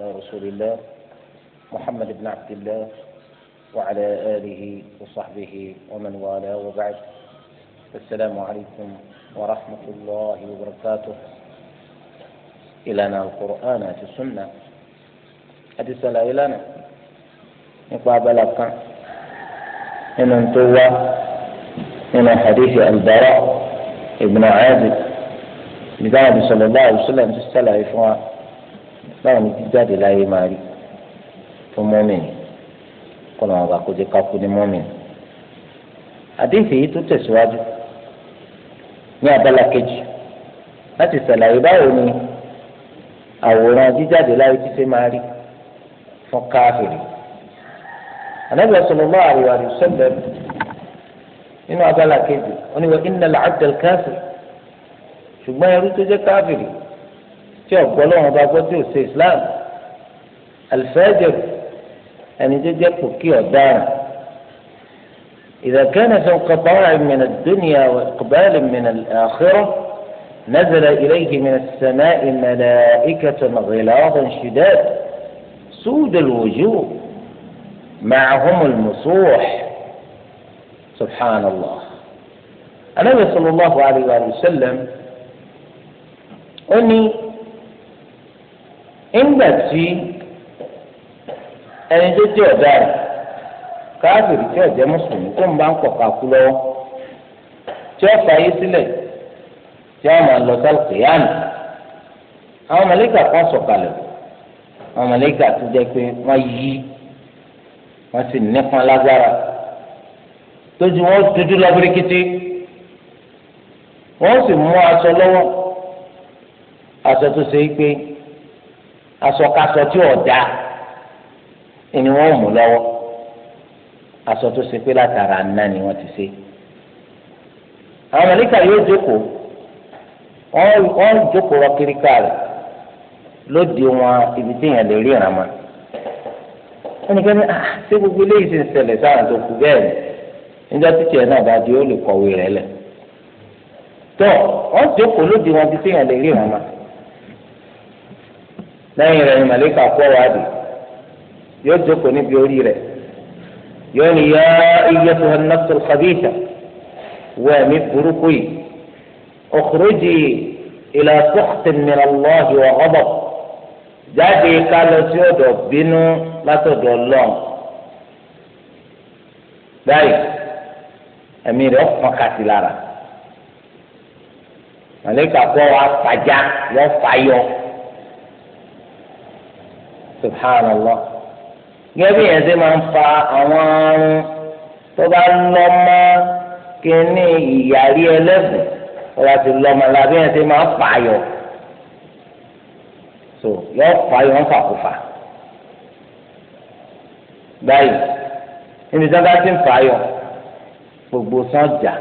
على رسول الله محمد بن عبد الله وعلى آله وصحبه ومن والاه وبعد السلام عليكم ورحمة الله وبركاته إلى القرآن في السنة حديث لا إلى أنا مقابلة إن انتوا إن حديث البراء ابن عازب لذلك صلى الله عليه وسلم في السلام báwo ni jíjáde láyé máa rí fún mọ́mìn kọ́nà àwọn àkójọ kákú ní mọ́mìn. àdéhìí yìí tó tẹ̀síwájú ní abala kejì láti ṣàlàyé báwo ni àwòrán jíjáde láyé ti ṣe máa rí fún káfíìrì. ànábì sallallahu alaihi wa sallam nínú abala kejì ó ní wa innal abdal ṣùgbọ́n ẹrú tó jẹ́ káfíìrì. tí ọ̀gbọ́lọ́wọ́n bá gbọ́ tí ò ṣe islam alfajir ẹni tó jẹ́ pòkí ọ̀daràn إذا كان فوق طوع من الدنيا وإقبال من الآخرة نزل إليه من السماء ملائكة غلاظا شداد سود الوجوه معهم المصوح سبحان الله النبي صلى الله عليه وسلم أني ńgbà tí ẹni tó jẹ́ ọ̀daràn káàkiri tí ọ̀jẹ́ mùsùlùmí tó ń bá ń pọ̀ka kú lọ́wọ́ tí ó fàyè sílẹ̀ tí a máa lọ sálù kìyàmù àwọn mọ̀lẹ́kà kan sọ̀kalẹ̀ àwọn mọ̀lẹ́kà tó jẹ́ pé wọ́n yí wọ́n sì nípọn lágbára tójú wọn dúdú lọ́bìrìkìtì wọ́n sì mú aṣọ lọ́wọ́ aṣọ tó ṣe é pé. asọkasọ tí ọ̀dà ni wọn mú lọ́wọ́ tó ṣe pé látara ńlá ni wọ́n ti ṣe. àwọn mọ̀lẹ́kà yóò jókòó jókòó kíríkà lóde wọn ibi tí èèyàn lè rí ìrànmọ́. ah ṣé gbogbo eléyìí ti ń ṣẹlẹ̀ sáà tó kú ni títí náà ó lè tó jókòó lẹ́yìn rẹ̀ ni màlíkà kọ́ wa dì yóò jókòó níbi orí rẹ̀ yóò ní yá iye tó hàn nàfṣọ xabíìtà wọ ẹ̀mí burúkú yìí ọ̀kúrújì ìlà tóxtì mìíràn lọ́ọ̀hì wà ọ̀bọ̀ jáde ká lọ sí ọ̀dọ̀ bínú látọ̀dọ̀ lọ́n báyìí ẹ̀mí rẹ̀ ọ̀pọ̀ kàtì lára màlíkà kọ́ wa fàjà yọ fàyọ subhanallah gẹ́gẹ́ yẹn ṣe máa ń fa àwọn àrùn tó bá lọ́ mọ́ kínní ìyàrí ẹlẹ́bùn tó bá ti lọ́ mọ́ lábẹ́ yẹn ṣe máa ń fà yọ so yọ fà yọ ń fàkùfà báyìí níbi tí wọ́n bá ti ń fà yọ gbogbo sọ́jà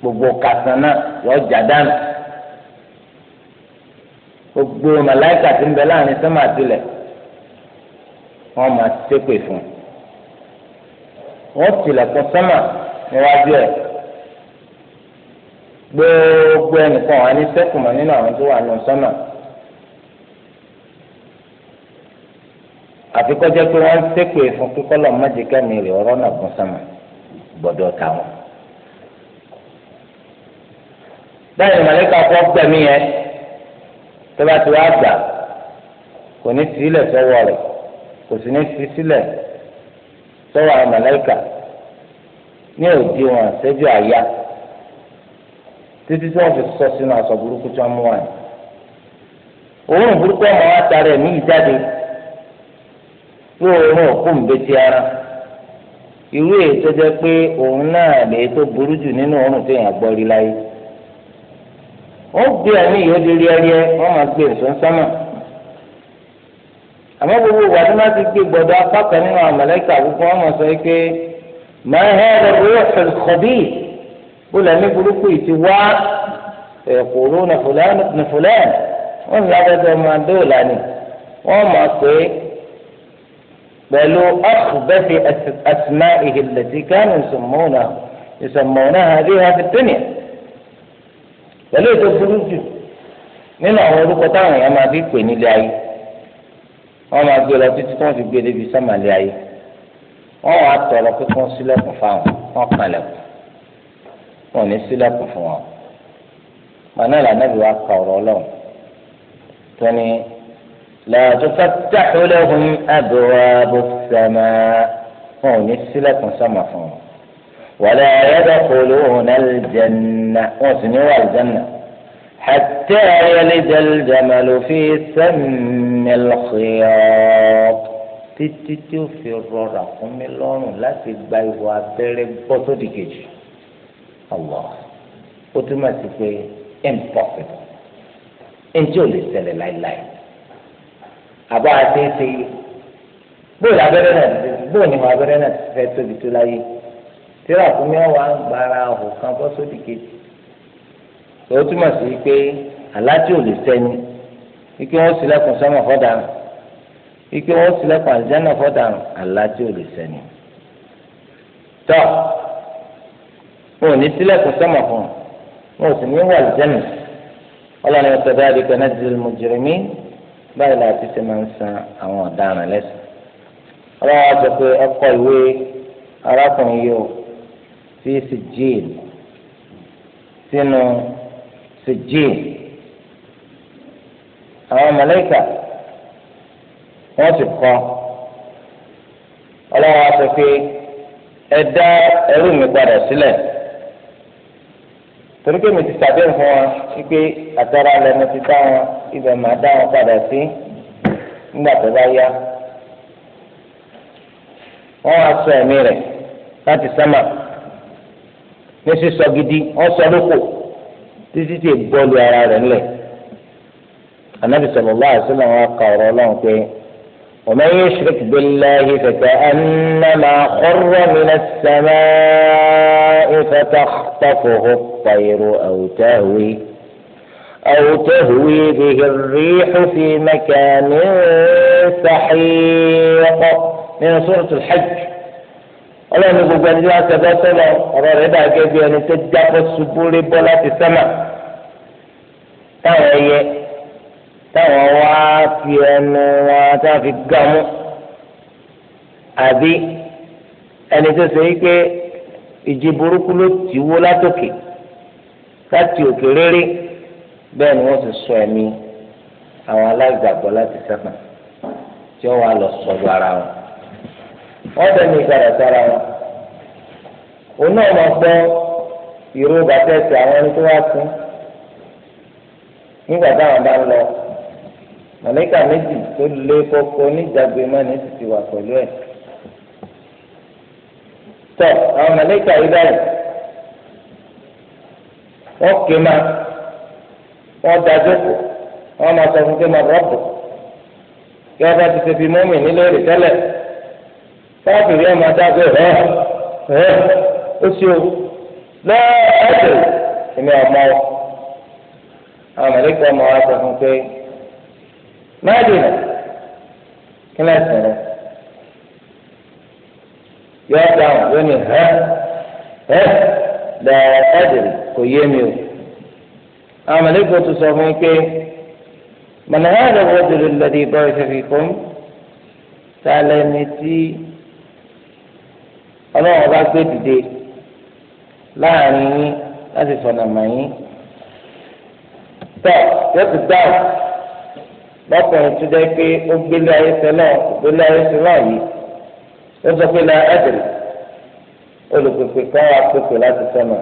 gbogbo kàtàna yọ jà dànù gbogbo màláìkà tí ń bẹ láàrin sẹ́mà tilẹ̀ wọ́n máa ṣépè fún un wọ́n tilẹ̀kùn sẹ́mà níwájú ẹ̀ gbogbo ẹnìkan wà ní sẹ́kùmọ̀ nínú àwọn tó wà nù sọ́nà àfi kọjá pé wọ́n ń ṣépè fún kíkọ́lọ̀ májíkẹ́ mi rè ọ̀rọ̀ náà kún sọ́nà gbọ́dọ̀ ta báyìí màlẹ́kà kọ́ gbẹ̀mí yẹn. tọ́ba ti wá gbà kò ní sílẹ̀ sọ́wọ́ rẹ̀ kò sì ní fi sílẹ̀ sọ́wọ́ àwọn ní òdi wọn ṣẹ́jú àyà títí sọ sínú aṣọ burúkú tí wọ́n mú wọn. òórùn burúkú ọmọ wa tara ẹ̀mí yìí jáde yóò rún òkú ara irú èyí tó jẹ́ pé òun náà lè tó burú jù nínú òórùn tó yàn gbọ́ rí ó gbé ẹ̀mí yìí ó di rí ẹrí ẹ wọ́n máa gbé nsọ́n sánmà àmọ́ gbogbo ìwà tó bá ti gbé gbọ́dọ̀ apá kan nínú àmàlẹ́kà gbogbo wọn máa sọ yìí pé máa hẹ́ ẹ̀rọ orí ọ̀sẹ̀ kọ̀bí bó lẹ́mí burúkú yìí ti wá ẹ̀kúrú nìfúlẹ́ wọ́n ń lábẹ́dẹ́ máa dóòlà ni wọ́n máa pé pẹ̀lú ọ̀sùnbẹ́fẹ̀ àtìmá ìhìlẹ̀tì kánú ìsọ̀mọ́nà pẹ̀lú ètò burú jù nínú àwọn orúkọ táwọn èèyàn máa fi pè nílé ayé wọ́n máa gbé lọ títí tí wọ́n fi gbé débi sọmọlé ayé wọ́n wàá tọrọ pé kí wọ́n ṣílẹ̀kùn fáwọn wọ́n kànlẹ̀kùn wọ́n ní ṣílẹ̀kùn fún wọn manuel anabi wa ka ọ̀rọ̀ Ọlọ́run tó ní làtò fẹtẹ ọlẹhùn abẹwàbọ sẹmẹ wọ́n ò ní ṣílẹ̀kùn sọmọ fún wọn wàlẹ́ ẹ̀yẹ́dẹ́ kòló ọ̀nà jẹ̀nà wọ́n sì ní wà jẹ̀nà hàtẹ́ ẹ̀yẹ́lẹ́ jẹ̀lẹ̀jẹ̀mẹ̀ ló fi sẹ́mi lọ́kìọ́ títí tí ó fi rọra fún mi lọ́rùn láti gba ìwọ abẹ́rẹ́ bọ́ sódì kejì Allah ó túmọ̀ sí pé impossible ẹnjẹ́ ò lè ṣẹlẹ̀ láéláé àbá àti ẹsẹ̀ bóòlù abẹ́rẹ́ náà bóòlù ni wọn abẹ́rẹ́ náà ti fẹ́ tóbi tó láyé tíra fún mi wà ń gbára ọ̀hún kan bọ́ sódì kejì èyí túmọ̀ sí pé aláàjì ò lè sẹ́ni ike wọ́n ṣílẹ̀kùn sọ́mọ fọ́dàrùn ike wọ́n ṣílẹ̀kùn àlìjánà fọ́dàrùn aláàjì ò lè sẹ́ni tọ́ wọn ò ní ṣílẹ̀kùn sọ́mọ fún wọn ò sì ní wà àlìjánà ọlọ́ni ọ̀sẹ̀dá àdìgbà náà ti mú jìrìmí báyìí láti ṣe máa ń san àwọn ọ̀daràn lẹ́sìn ọlọ́wọ́ á ọkọ̀ ìwé arákùnrin yìí sí sijil sínú sijil àwọn màláíkà wọ́n ti kọ́ ọlọ́wọ́ sọ pé ẹ dá ẹrú mi padà sílẹ̀ torí pé mi ti sàdéhùn fún wọn wípé àtàrà lẹnu ti dá wọn ibẹ̀ máa dá wọn padà sí nígbà tó bá yá wọ́n wá ẹ̀mí rẹ̀ láti sẹ́mà. ní sọ gidi ọsọ lóko títí tí bọ́ọ̀lù ara rẹ̀ ńlẹ̀ anabi sallallahu àti sọlọ́ wa ka ọ̀rọ̀ Ọlọ́run pé ومن يشرك بالله فكأنما خر من السماء فتخطفه الطير أو تهوي أو تهوي به الريح في مكان سحيق من سورة الحج ọlọ́run gbogbo ẹni tí wọ́n ṣe bẹ́ẹ̀ sọ́lọ ọ̀rọ̀ rẹ̀ dà gẹ́gẹ́ bí ẹni tó jábọ́ ṣubú rí bọ́ láti sẹ́mà táwọn ẹyẹ táwọn wá fi ẹnu wọn táwọn fi gbàmú àbí ẹni tó ṣe yí pé ìjì burúkú ló ti wó látòkè láti òkè réré bẹ́ẹ̀ ni wọ́n ti sọ ẹ̀mí àwọn aláìgbàgbọ́ láti sẹ́mà tí wọ́n wá lọ sọ́dọ̀ ara wọn. ọ̀dọ̀ ní ìgbàlà wọn. òun náà máa gbọ́ ìró bàtẹ́ẹ̀sì àwọn ẹni tó wá sí nígbà táwọn bá ń lọ mọ̀lẹ́kà méjì tó lé kókó níjàgbé mọ́ni ti ti wà pẹ̀lú ẹ̀. tọ́ àwọn mọ̀lẹ́kà yìí báyìí wọ́n ké máa wọ́n wọ́n máa sọ fún máa kí wọ́n ti ṣe fi mọ́mì nílé sábìrì ẹ̀ máa dábẹ́ ẹ̀ ẹ̀ ó sì ó lẹ́ẹ̀ẹ́dẹ̀ ìmọ̀ ọmọ ọ àwọn mẹ̀lẹ́kọ̀ ọmọ wa sọ fún pé mẹ́ẹ̀dínà kí lẹ́ẹ̀ sẹ̀rẹ̀ yọ dáhùn lónìí ẹ̀ ẹ̀ lẹ́ẹ̀ẹ́dẹ̀ kò yé mi o àwọn mẹ̀lẹ́kọ̀ tó sọ fún pé mọ̀nà hàn lọ́wọ́ dèrè lọ́dí bá ọ̀ṣẹ́ fi fún tálẹ́ni tí ọlọ́run bá gbé dìde láàrin yín láti fọ̀nà mọ̀ yín tọ́ yóò ti dáhùn lọ́kùnrin tó jẹ́ pé ó gbélé ayé sẹ́lọ̀ gbélé ayé sẹ́lọ̀ yìí ó sọ pé la ẹ̀dẹ̀rẹ̀ olùpèpè kan wà pèpè láti sọ̀nà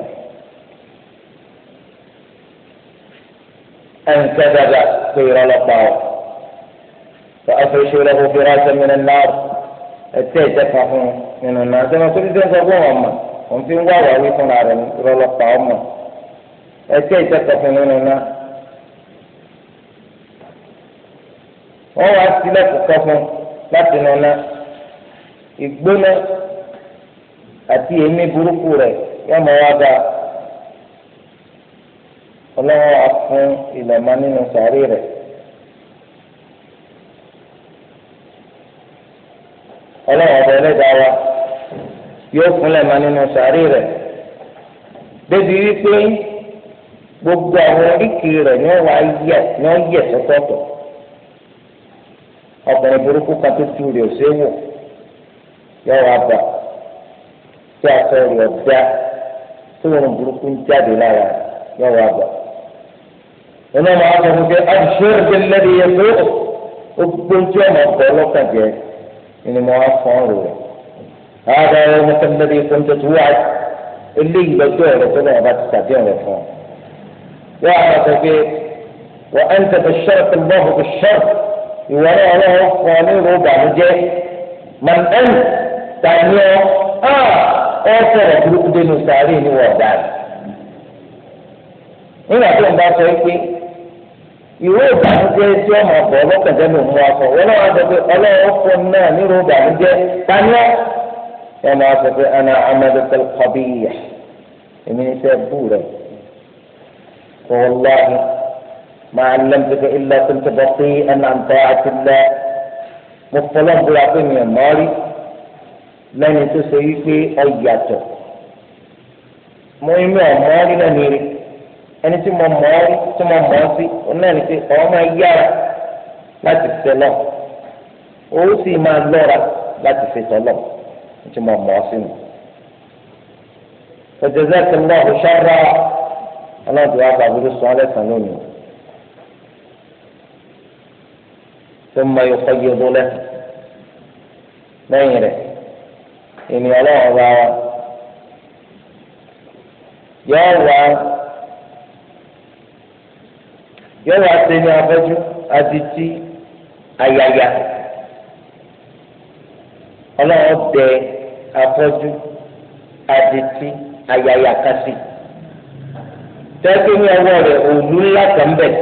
ẹnìkan dàgbà pé ìrọ̀lọ́pàá ọ̀ fọ́ afẹ́ṣẹ́ lọ́kùnrin rásẹ̀ mìíràn náà ẹ̀ tẹ́ ìjẹ́ kan fún un nínú náà sẹ́nu tó ti sẹ́nu sọ́gbọ́n ọmọ òun fi ń wá wàwí fúnra rẹ̀ rọlọ́pàá ọmọ ẹtí ìtẹ́kọ̀ọ́ fún nínú náà wọ́n wá sílẹ̀ kọ̀ọ̀kan fún láti nínú náà ìgbóná àti èémí burúkú rẹ̀ yóò mọ wá bá ọlọ́wọ́ á ilẹ̀ mọ́ nínú sàárè rẹ̀. ọlọ́wọ́ ọ̀bẹ ẹlẹ́dàá wa yóò kúnlẹ̀ mọ́ nínú sàárì rẹ̀ débi wípé gbogbo àwọn oríkèé rẹ̀ ni wọ́n wá yẹ ni wọ́n yẹ sọ́tọ̀ọ̀tọ̀ ọkùnrin burúkú kan tó tu rè ọ̀sẹ̀ wò yóò wá bà tí aṣọ rẹ̀ ọ̀dá tí wọn burúkú ń jáde lára yóò wá bà nínú àwọn akọ̀wé pé àbùsọ̀rọ̀ ti lẹ́bi yẹ pé ó gbójú ọ̀nà ọ̀pọ̀ ọlọ́kàjẹ́ ni mo wá fọ́n rò rẹ̀. هذا يومك الذي كنت توعد اللي يبدو رسول الله تستطيع الإفهام يعرف كيف وأنت بشرك الله بالشر ولا له قانون ربع من أنت تعنيه آه أثر بروك دين وسارين وردان هنا تقول بقى كيف ìwé ìbànújẹ́ tí ọmọ ọbọ ọlọpàá jẹ ló mú aṣọ wọn náà wọn sọ pé Ọlọ́run fún náà nírò ìbànújẹ́ tani ọ ẹ máa sọ pé ana amaduka kọbíyà èmi ní sẹ bú rẹ wàlláhi máa lẹ́mtẹ́kẹ́ ilẹ̀ tó ń tẹ̀bọ̀ pé ẹnà ń tọ́ àti lẹ́ mo fọlọ́ bóra pé mi ò mọ́rí lẹ́ni tó ṣe wípé ọ yàtọ̀ mo ní mi ò mọ́rí lẹ́ni rí ẹni tí mo mọ̀ ọ́ tí mo mọ̀ ọ́ sí ọ̀nà ẹni pé ọ̀ máa yára láti fẹ́ lọ òun sì máa lọ́ra láti fẹ́ tọ́lọ̀. tí mo mọ̀ sí mi. فجزاكم الله شرا أنا دعاء بعبد الصالح سنوني ثم يقيض له lẹ́yìn rẹ̀ ènìyàn ọlọ́run bá wa yọ̀ọ́ wá yọ̀ọ́ wá ṣe ní afẹ́jú adití ayaya ọlọ́run dẹ afọ́jú adití ayaya kasi tẹ́tí ní ọwọ́ rẹ̀ òòlù ńlá kan bẹ̀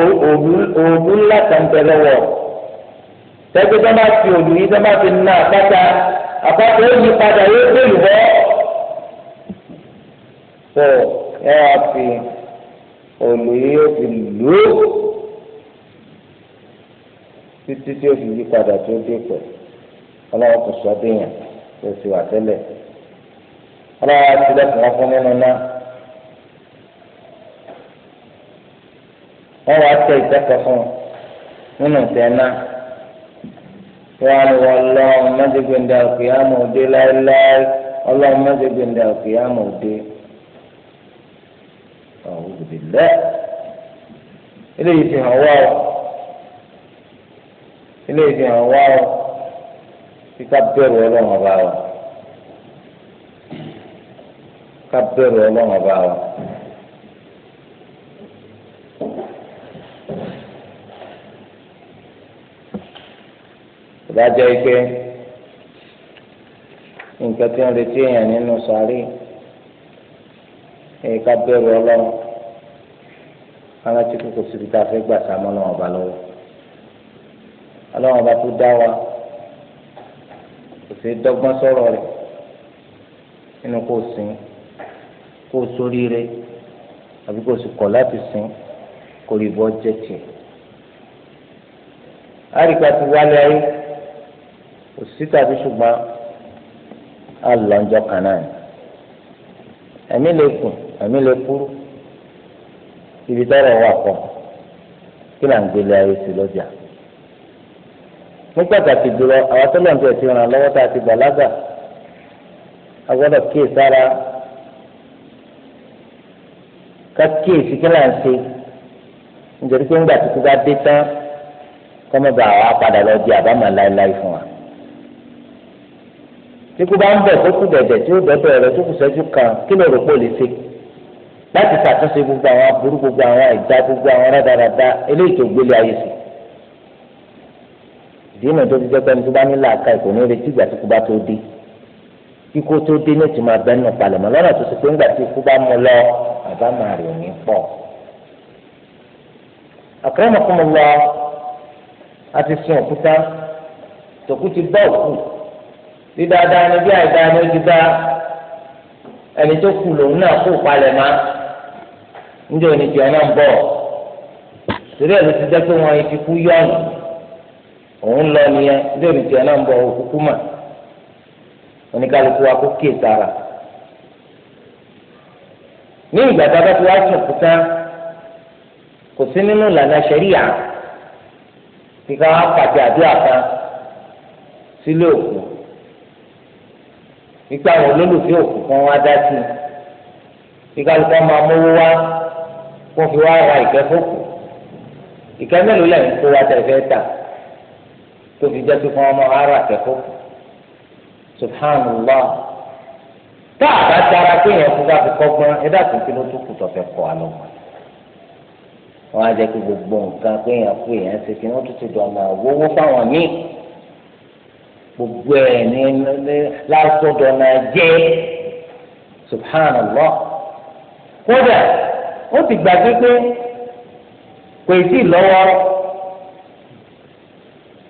òòlù ńlá kan bẹ̀ lọ́wọ́ tẹ́tí tó bá fi òòlù yìí tó bá fi ná àpáta àpáta ó yí padà yóò gbèlú bọ́ tó ẹ wá fi òòlù yìí yóò fi lù ú títí tí ó fi yí padà tó dé pẹ̀lú ọlọ́wọ́ kò sọ déèyàn tó sì wà tẹ́lẹ̀ ọlọ́wọ́ àtúndẹ̀ kò wọ́n fún nínú náà wọ́n wá tẹ ìtẹ́kọ̀ọ́ fún nínú tẹ̀ náà wọ́n ní wọ́n lọ mẹ́tẹ́gbẹ̀ndà òkè àmọ̀ òde láéláé ọlọ́run mẹ́tẹ́gbẹ̀ndà òkè àmọ̀ òde àwọn lẹ́ eléyìí fi hàn wá o eléyìí fi hàn wá o àfi ká bẹ̀rù ọlọ́run ọba wa ká bẹ̀rù ọlọ́run ọba wa. ìdájọ́ ike nǹkan tí wọ́n retí èèyàn nínú sàárì èyí ká bẹ̀rù ọlọ́run aláti kókò síbi tá a fẹ́ gbà sámọ́ ọlọ́run ọba lọ́wọ́ ọlọ́run ọba tó dá wa ṣe dọ́gbọ́n sọ̀rọ̀ rẹ̀ nínú kó sìn kó sóríire àbí kó sì kọ̀ láti sìn kó rí bọ́ jẹ́ tiẹ̀. àríkà ti wálé ayé kò sí tàbí ṣùgbọ́n àlọ́njọ́ kan náà ni ẹ̀mí lè gùn ẹ̀mí lè kúrú ibi tọ́rọ̀ wà pọ̀ kí là ń gbélé ayé sí lọ́jà ní pàtàkì jùlọ àwọn tó lọ́n tẹ̀ ti ràn lọ́wọ́ tá a ti bàlágà a gbọ́dọ̀ kíyè sára ká kíyè sí kí láà ń ṣe nítorí pé ńgbà tuntun bá dé tán kọ́mọba àwa padà lọ di àbámọ̀ láéláé fún wa tíkú bá ń bẹ̀ tó kú dẹ̀dẹ̀ tí ó dẹ̀dẹ̀ rẹ̀ tó kù sẹ́jú kan kí ló rò pé ó lè ṣe láti ṣàtúnṣe gbogbo àwọn aburú gbogbo àwọn ìdá gbogbo àwọn rádaràda eléyìí tó gbélé ayé sí dínà tó ti jẹ́ pé ẹni tó bá ní làákà ìkò ní retí ìgbà tó kú bá tó dé kíkó tó dé ní ìtumọ̀ abẹ́nú palẹ̀mọ́ lọ́nà tó ti pé ńgbà tí ikú bá mú lọ bàbá máa rè ní pọ̀. àkàràmọ̀ fún mi lọ a ti sin òkúta tòkú ti bá òkú bí dáadáa ni bí àìdáa ni ó ti dá ẹni tó kù lòun náà kó palẹ̀mọ́ níjẹ́ òní tiẹ̀ náà ń bọ̀ torí ẹ̀ ló ti jẹ́ pé wọ́n ti kú yọ̀nù òun lọ nìyẹn lórí tiẹ̀ náà ń bọ̀ òkúkú mà oníkálukú wa kó kíyè sára ní ìgbà tá a bá ti wá sùn kú tán kò sí nínú ìlànà ṣẹ̀ríyà kí ká wá pàdé àdúrà kan sílé òkú nípa àwọn olólùfẹ́ òkú kan wá dá sí i kí kálukú máa mówó wá kó fi wá ra ìkẹ́ fókù ìkẹ́ mélòó lẹ́yìn kó wá tẹ̀ fẹ́ tó fi jẹ́ pípọ́n ọmọ ara kẹ́kọ̀ọ́ subhanallah tá a bá dára kéèyàn fún ká fi kọ́gbọ́n ẹ dákun kí ló tún kù tó fẹ́ kọ́ àlọ́ wọn á jẹ́ pé gbogbo nǹkan kéèyàn fún èèyàn ṣe kí wọ́n tún ti dọ̀ ọmọ àwòwò fáwọn míì gbogbo ẹ̀ ní lásọ̀dọ̀ náà jẹ́ subhanallah kódà ó ti gbàgbé pé kò sí lọ́wọ́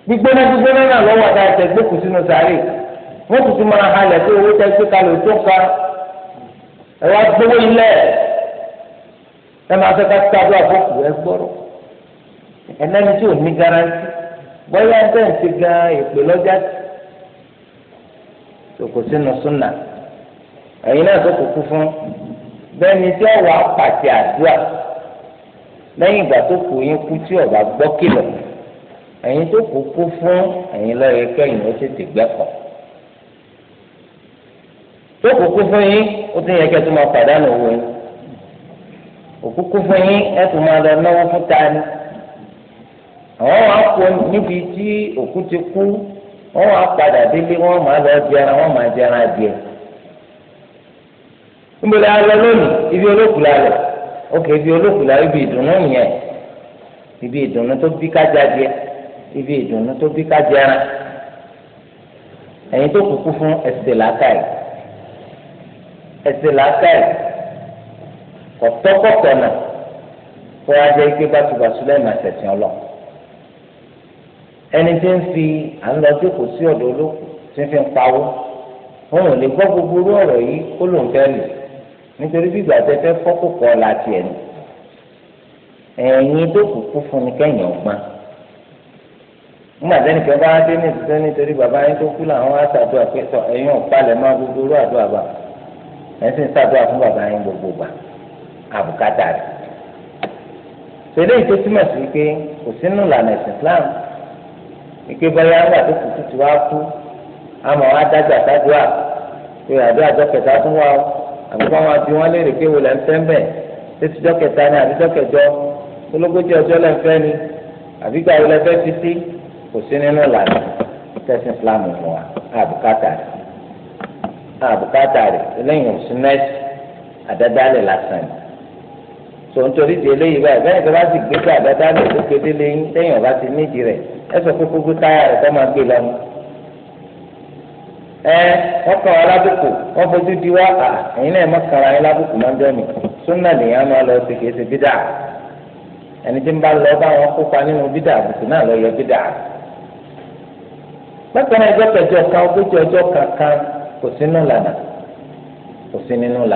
gbígbóná gbígbóná náà lọ́wọ́ àti àtẹ gbókùn sínú sàárè wọ́n kù sí máa halẹ̀ pé owó tẹ́ gbé kalẹ̀ tó ka ẹ wá gbówó ilẹ̀ ẹ máa fẹ́ ká tábìlì àbọ̀kù ẹ gbọ́rọ̀ ẹnẹ́ni tí ò ní garanti bọ́lá ń tẹ̀ gan ìpè lọ́jà tòkò sínú súnà ẹ̀yin náà tó kúkú fún bẹ́ẹ̀ ni tí ọ̀wà pàtẹ àdúrà lẹ́yìn ìgbà tó kù yín kú tí ọ̀bà gbọ́ kìlọ̀ ẹ̀yin tó kó kó fún ẹ̀yin lọ́yẹ kẹ́yìn ó tètè gbẹ́kọ̀ tó kó kó fún yín ó tún yẹ kẹ́ tó máa pàdánù owó yín òkúkú fún yín ẹ tún máa lọ náwó fún ta ni àwọn wàá kó níbi tí òkú ti kú wọn wàá padà délé wọn máa lọ jẹran wọn máa jẹran adìẹ níbẹ̀rẹ̀ alẹ́ lónìí ibi olókùlà rẹ̀ òkè ibi olókùlà ibi ìdùnnú nìyẹn ibi ìdùnnú tó bí kájà díẹ̀ ibi ìdùnnú tó bí kájẹran ẹ̀yin tó kúkú fún ẹsẹ̀ làákàyè ẹsẹ̀ làákàyè kọ̀tọ́kọ̀tọ̀ náà kó wá jẹ́ ike báṣubàṣu lẹ́yìn àtẹ̀sìn ọlọ ẹni tí ń fi à ń lọ jókòó sí ọ̀dọ̀ olókùn tí ń fi ń pawó òun ò lè gbọ́ gbogbo orú ọ̀rọ̀ yìí kó lóun fẹ́ lò nítorí bí ìgbà tẹ́ fẹ́ fọ́kùkọ̀ ọ̀la tiẹ̀ ni ẹ̀yin tó kúkú fún ni kẹ́yìn ọgbọ́n nígbà tẹ́ni kan bá dé ní ìsúté nítorí bàbá yín tó kú làwọn á ṣàdúrà pé tọ ẹ̀yin ọ̀pálẹ̀ máa gbogbo orú àdúrà bá ẹ̀ sì ń ṣàdúrà fún bàbá yín gbogbo gbà àbùkátà rẹ̀. sèlé yìí tó túmọ̀ sí pé kò sínú ìlànà ẹ̀sìn Islam ike báyà ńgbà tó kù tútù wá kú àmọ́ wá dájà sádùá pé àdúrà jọ́kẹ̀ta tún wá o àbúkọ́ wọn bí wọ́n léèrè pé wòlẹ̀ ń fẹ́ mbẹ̀ títí jọ́kẹ̀ta ni àbí jọ́kẹ̀jọ́ ológójì ọjọ́ lẹ́ ń fẹ́ ni àbí gbà wòlẹ̀ fẹ́ fi sí kò sí nínú ìlànà tẹ̀sí islam fún wa àbùkátà rẹ̀ àbùkátà rẹ̀ eléyìí ò sí nẹ́ẹ̀sì àdádálẹ̀ lásán ni ń torí di eléyìí báyìí bẹ́ẹ̀ tó bá sì gbé sí àdádálẹ̀ tó kéde léyìn téèyàn bá ti nídi rẹ̀ ẹ sọ pé kúkú táyà rẹ̀ kọ́ máa gbé lọ́nu ẹ wọ́n lábùkù wọ́n fojú di wá à ẹ̀yin náà yín lábùkù máa ń jọ mi súnà máa lọ sí kìí ṣe bídà ẹni tí ń bá lọ bákan náà ẹjọ́ kẹjọ kan ogójì ọjọ́ kankan kò sí nínú lànà kò sí nínú lànà.